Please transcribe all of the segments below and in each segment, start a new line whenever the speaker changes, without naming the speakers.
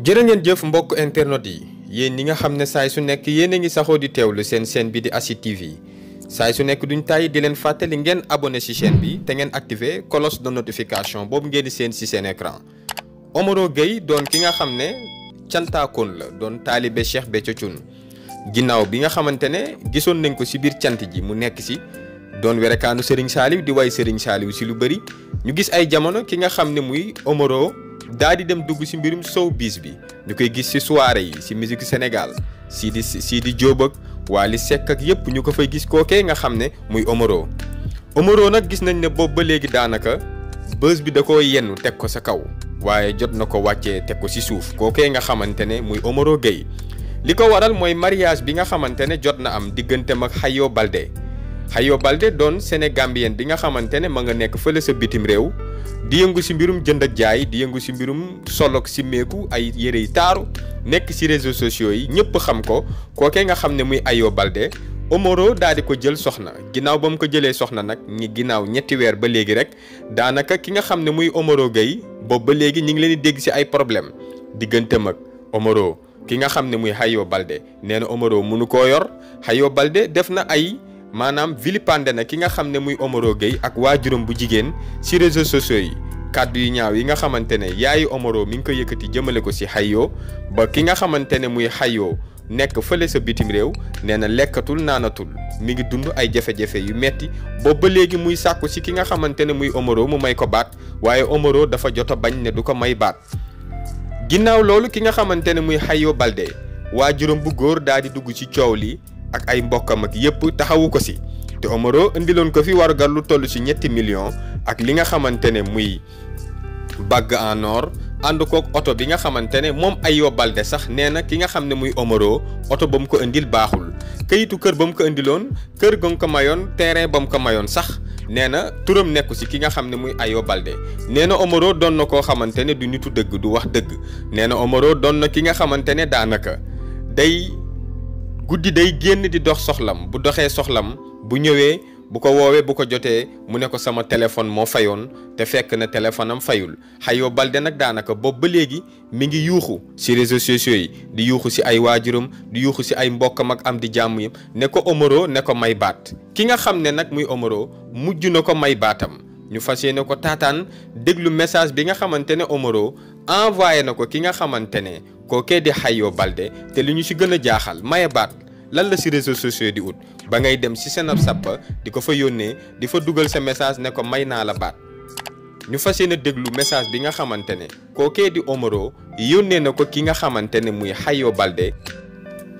jërë ngeen jëf mbokk internet yi yéen ñi nga xam ne saay su nekk yéen a ngi saxoo di teewlu seen seen bi di ASID yi saay su nekk duñ tàyyi di leen fàttali ngeen abonné ci chaîne bi te ngeen activer cloche de notification boobu ngeen di seen ci seen écran Omaro Gueye doon ki nga xam ne cantaakoon la doon taalibe Cheikh Béthio Thioune ginnaaw bi nga xamante ne gisoon nañ ko ci biir cant ji mu nekk ci doon werekaanu Serigne Saliou di way Serigne Saliou ci lu bëri ñu gis ay jamono ki nga xam ne muy Omaro daa di dem dugg si mbirum biis bi ñu koy gis si soirée yi si musique Sénégal Sidi Sidi Diop ak Wally Seck ak yëpp ñu ko fay gis kookee nga xam ne muy Omaro Omaro nag gis nañ ne boobu ba léegi daanaka bës bi da ko yenn teg ko sa kaw waaye jot na ko wàccee teg ko si suuf kookee nga xamante ne muy Omaro Gueye li ko waral mooy mariage bi nga xamante ne jot na am diggante mag Xayo Balde Xayo Balde doon sénégambien bi nga xamante ne ma nga nekk fële sa bitim réew di yëngu si mbirum jënd ak jaay di yëngu si mbirum solok simmeeku ay yére yu taaru nekk si réseau sociaux yi ñëpp xam ko kookee nga xam ne muy Ayo Balde Omoro daal di ko jël soxna ginnaaw ba mu ko jëlee soxna nag ñi ginnaaw ñetti weer ba léegi rek daanaka ki nga xam ne muy Omoro Gueye boobu ba léegi ñi ngi leen di dégg si ay problème diggante mag Omoro ki nga xam ne muy Ayo nee na Omoro mënu koo yor Ayo def na ay. maanaam vilipande na ki nga xam ne muy Omaro Gueye ak waajuram bu jigéen ci réseau sociaux yi kàddu yu ñaaw yi nga xamante ne yaayu omoro mi ngi ko yëkkati jëmale ko ci xayoo ba ki nga xamante ne muy xayoo nekk fële sa bitim réew nee na lekkatul naanatul mi ngi dund ay jafe-jafe yu metti boobu ba léegi muy sàkku ci ki nga xamante ne muy Omaro mu may ko baat waaye Omaro dafa jot bañ ne du ko may baat ginnaaw loolu ki nga xamante ne muy xayoo Balde waajuram bu góor daal di dugg ci coow li ak ay mbokkam ak yépp taxawu ko si te Omaro indiloon ko fi warugar lu toll ci ñetti million ak li nga xamante ne muy bàgg en or ànd kook oto bi nga xamante ne moom ay Baldé sax nee na ki nga xam ne muy Omaro oto ba mu ko indil baaxul kayitu kër ba mu ko indiloon kër ga ko mayoon terrain ba mu ko mayoon sax nee na turam nekku ci ki nga xam ne muy ay Baldé nee na Omaro doon na koo xamante ne du nitu dëgg du wax dëgg nee na Omaro doon na ki nga xamante ne daanaka day guddi day génn di dox soxlam bu doxee soxlam bu ñëwee bu ko woowee bu ko jotee mu ne ko sama téléphone moo fayoon te fekk na téléphone am fayul Xayo Balde nag daanaka boobu ba léegi mi ngi yuuxu ci réseaux sociaux yi di yuuxu ci ay waajuram di yuuxu ci ay mbokkam ak am di jàmm yi ne ko Omaro ne ko may baat ki nga xam ne nag muy Omaro mujj na ko may baatam ñu fas ne ko taataan déglu message bi nga xamante ne Omaro envoyé na ko ki nga xamante ne kookee di Xayo Balde te li ñu ci gën a jaaxal maye baat lan la ci réseaux sociaux di wut ba ngay dem ci seen ab sàppa di ko fa yónnee di fa dugal sa message ne ko may naa la baat ñu fas yéene déglu message bi nga xamante ne kookee di Omaro yónnee na ko ki nga xamante ne muy Xayo Balde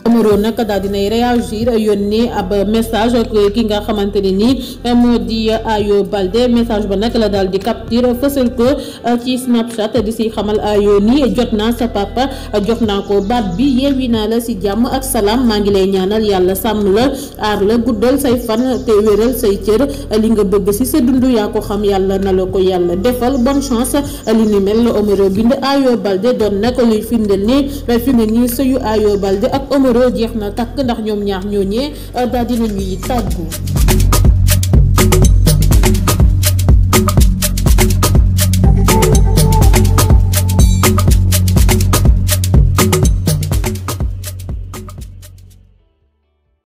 Omaro nag daal dinay réagir yónnee ab message ki nga xamante ne nii moo di Ayo Balde message ba nag la daal di capture fësal ko uh, ci Snapchat di si xamal Ayo ni jot naa sa papa jox naa ko baat bi yeewi naa la si jàmm ak salaam maa ngi lay ñaanal yàlla sàmm la aar la guddal say fan te wéral say cër li nga bëgg si sa dund yaa ko xam yàlla na la ko yàlla defal bonne chance li la Omaro bind Ayo Balde doon nag luy firndeel ni firndeel ni sëyu Ayo numéro jeex na takk ndax ñoom ñaar ñooñee euh, daal dina ñuy tàggu